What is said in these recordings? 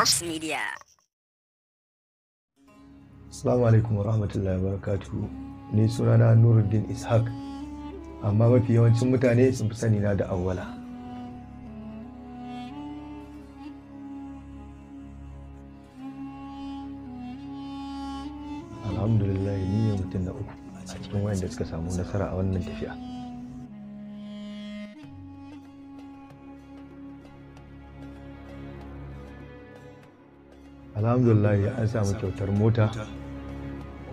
Media. Assalamu alaikum wa rahmatullahi wa barakatuhu. Ni sunana Nuruddin Ishaq. Amma mafi yawancin mutane sun fi sani na da awwala. Alhamdulillah ni ne mutum na uku a cikin wayanda suka samu nasara a wannan tafiya. alhamdulillah an samu kyautar mota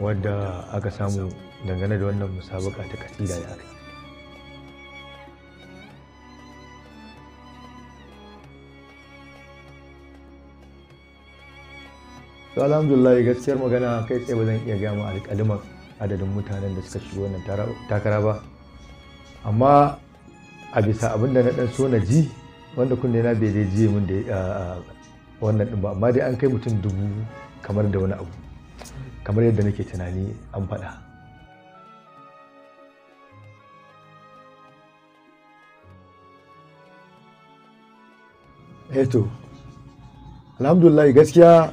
wadda aka samu dangane da wannan musabaka ta kasida da aka to alhamdulillah gaskiyar magana kai tsaye ba zan iya gama alƙaliman adadin mutanen da suka shigo wannan takara ba amma a bisa abinda na ɗan so na ji wanda kunne na bai dai ji min da ah, wannan ɗin ba amma dai an kai mutum dubu kamar da wani abu kamar yadda nake tunani an faɗa eto eh alhamdulillah gaskiya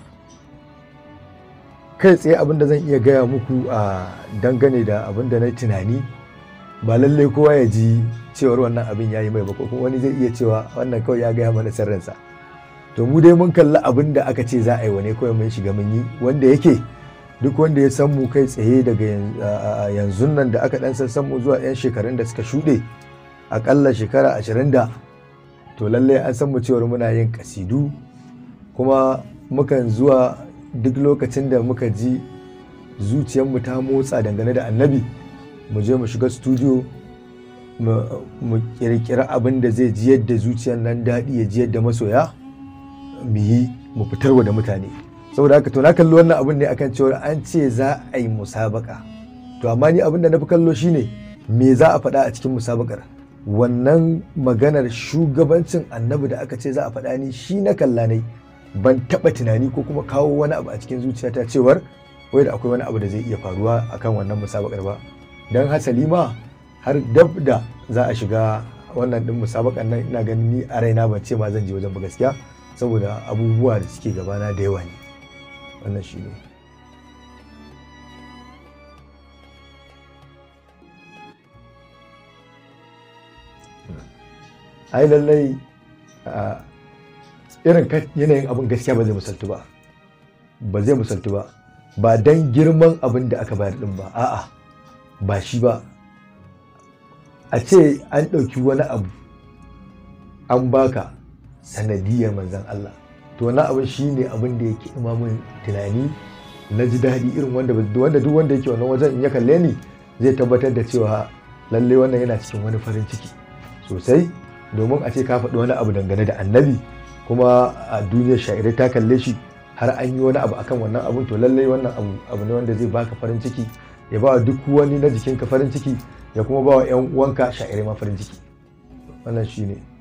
kai tsaye abinda zan iya gaya muku a dangane da abinda na tunani ba lallai kowa ya ji cewar wannan abin ya yi mai ba ko wani zai iya cewa wannan kawai ya gaya mana sirrinsa to mu dai mun kalli abin da aka ce za a yi wa ne kawai mun shiga mun yi wanda yake duk wanda ya san mu kai tsaye daga yanzu nan da aka dan san mu zuwa 'yan shekarun da suka shuɗe akalla shekara ashirin da to lallai an san mu cewar muna yin kasidu kuma mukan zuwa duk lokacin da muka ji zuciyarmu ta motsa dangane da annabi mu je mu shiga studio mu kirkira abin da zai ji yadda zuciyar nan daɗi ya ji yadda masoya mu yi mu fitarwa da mutane saboda haka to na kalli wannan abin ne akan cewa an ce za a yi musabaka to amma ni abin da na fi kallo shine me za a faɗa a cikin musabakar wannan maganar shugabancin annabi da aka ce za a faɗa ni shi na kalla ne ban taɓa tunani ko kuma kawo wani abu a cikin zuciyata cewar wai da akwai wani abu da zai iya faruwa akan wannan musabakar ba don hasali ma har dab da za a shiga wannan din musabakar nan ina ganin ni a raina ban ce ma zan je wajen ba gaskiya saboda abubuwa da suke gabana da yawa ne wannan shi ne hmm. ai lallai irin yanayin abin gaskiya ba zai musaltu ba ba zai musaltu ba ba don girman abin da aka bayar din ba a'a ba shi ba a ce an ɗauki wani abu an baka sanadiyar manzan Allah to wani abin shine abin da yake imamun tunani na ji daɗi irin wanda wanda duk wanda yake wannan wajen in ya kalle ni zai tabbatar da cewa lalle wannan yana cikin wani farin ciki sosai domin a ce ka faɗi wani abu dangane da annabi kuma a duniyar sha'irai ta kalle shi har an yi wani abu akan wannan abun to lallai wannan abu ne wanda zai baka farin ciki ya ba duk wani na jikinka farin ciki ya kuma ba wa 'yan uwanka sha'irai ma farin ciki wannan shine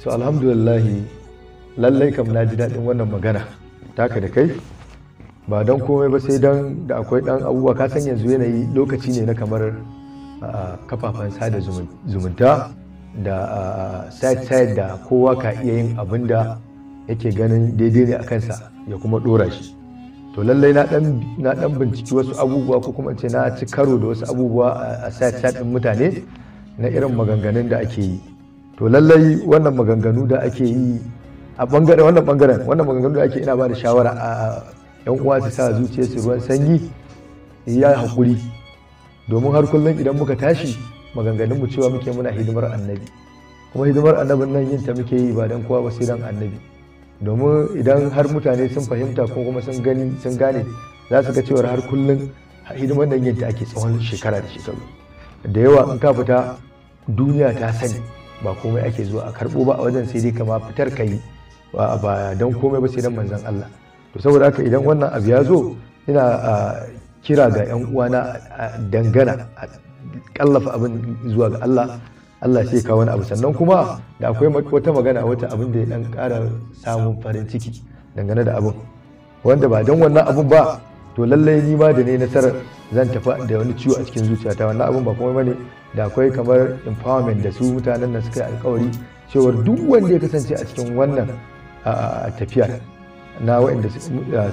so alhamdulillah lallai kam na ji daɗin wannan magana taka da kai ba don komai ba sai don da akwai ɗan abubuwa ka san yanzu yanayi lokaci ne na kamar kafafen sada zumunta da side side da kowa ka iya yin abin da yake ganin daidai ne a kansa ya kuma ɗora shi to lallai na ɗan binciki wasu abubuwa ko kuma ce na ci karo da wasu abubuwa a side side ɗin mutane na irin maganganun da ake yi to lallai wannan maganganu da ake yi a bangaren wannan bangaren wannan maganganu da ake ina ba da shawara a yan uwa su sa zuciya su ruwan sanyi ya hakuri domin har kullum idan muka tashi maganganun mu cewa muke muna hidimar annabi kuma hidimar annabi nan yin ta muke yi ba dan kowa ba sai dan annabi domin idan har mutane sun fahimta ko kuma sun gani sun gane za su ga cewa har kullum hidimar nan yin ta ake tsawon shekara da shekaru da yawa in ka fita duniya ta sani ba komai ake zuwa a karɓo ba a wajen sai dai kama fitar ka yi ba don komai ba sai dan manzan Allah to saboda haka idan wannan abu ya zo ina kira ga yan uwana dangana a kallafa abin zuwa ga Allah Allah sai kawo wani abu sannan kuma da akwai wata magana wata abin da ya dan ƙara samun farin ciki dangane da abin wanda ba don wannan abin ba to lallai ni ma da ne nasarar zan tafi da wani ciwo a cikin zuciyata wannan abin ba kuma bane da akwai kamar empowerment da su mutanen da suka yi alkawari cewar duk wanda ya kasance a cikin wannan tafiyar na waɗanda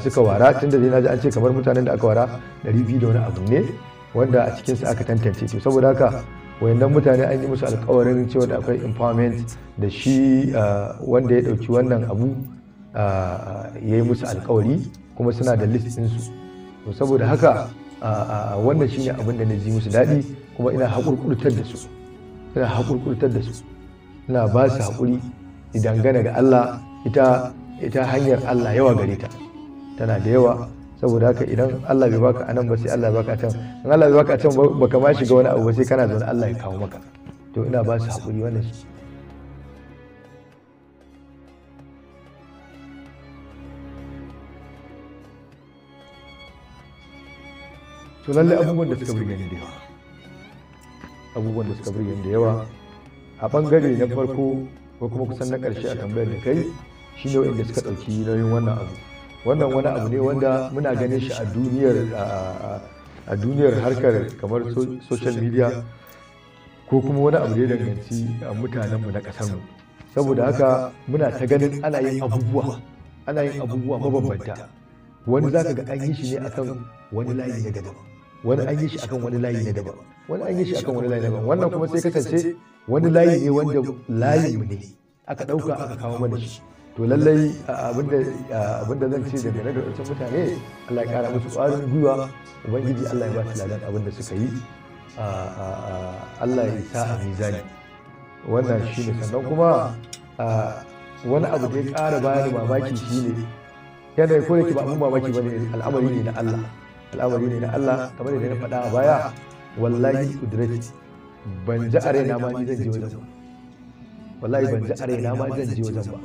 suka wara tun da na ji an ce kamar mutanen da aka wara 200 da wani abu ne wanda a cikinsu aka tantance to saboda haka wayannan mutane an yi musu alkawarin cewa da akwai empowerment da shi wanda ya ɗauki wannan abu ya yi musu alkawari kuma suna da list ɗinsu to saboda haka wannan shine abin da na ji musu daɗi kuma ina haƙurƙurtar da su ina haƙurƙurtar da su ina ba su haƙuri dangane ga Allah ita ita hanyar Allah yawa gare ta tana da yawa saboda haka idan Allah bai baka anan ba sai Allah baka can in Allah bai baka can baka ma shiga wani abu ba sai kana zaune Allah ya kawo maka to ina ba su haƙuri wannan to lalle abubuwan da suka burge ni da yawa abubuwan da suka burge da yawa a bangare na farko ko kuma kusan na karshe a tambayar da kai shi ne wanda suka ɗauki nauyin wannan abu wannan wani abu ne wanda muna ganin shi a duniyar a duniyar harkar kamar social media ko kuma wani abu da ya danganci a mutanenmu na ƙasarmu saboda haka muna ta ganin ana yin abubuwa ana yin abubuwa mabambanta wani zaka ga an yi shi ne akan wani layi na daban wani an yi shi akan wani layi na daban wani an yi shi akan wani layi daban wannan kuma sai kasance wani layi ne wanda layi ne aka ɗauka aka kawo mana shi to lallai abinda zan ce daga da wancan mutane Allah ya kara musu ƙwarin gwiwa ubangiji Allah ya ba su ladan abin da suka yi Allah ya sa a mizani wannan shi ne sannan kuma wani abu da ya kara bayani mamaki shi ne yanayi ko da ke ba abin mamaki ba ne al'amari ne na Allah al'amari ne na Allah kamar da na faɗa a baya wallahi kudrati ban ji a raina ma zan je wajen ba wallahi ban ji a raina ma zan je wajen ba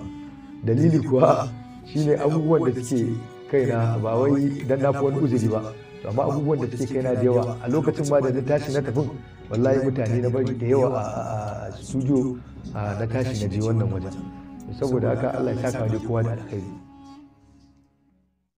dalili kuwa shine abubuwan da suke na ba wai dan na fi wani uzuri ba to amma abubuwan da suke kai na da yawa a lokacin ma da na tashi na tafin wallahi mutane na bari da yawa a studio na tashi na je wannan wajen saboda haka Allah ya saka da kowa da alkhairi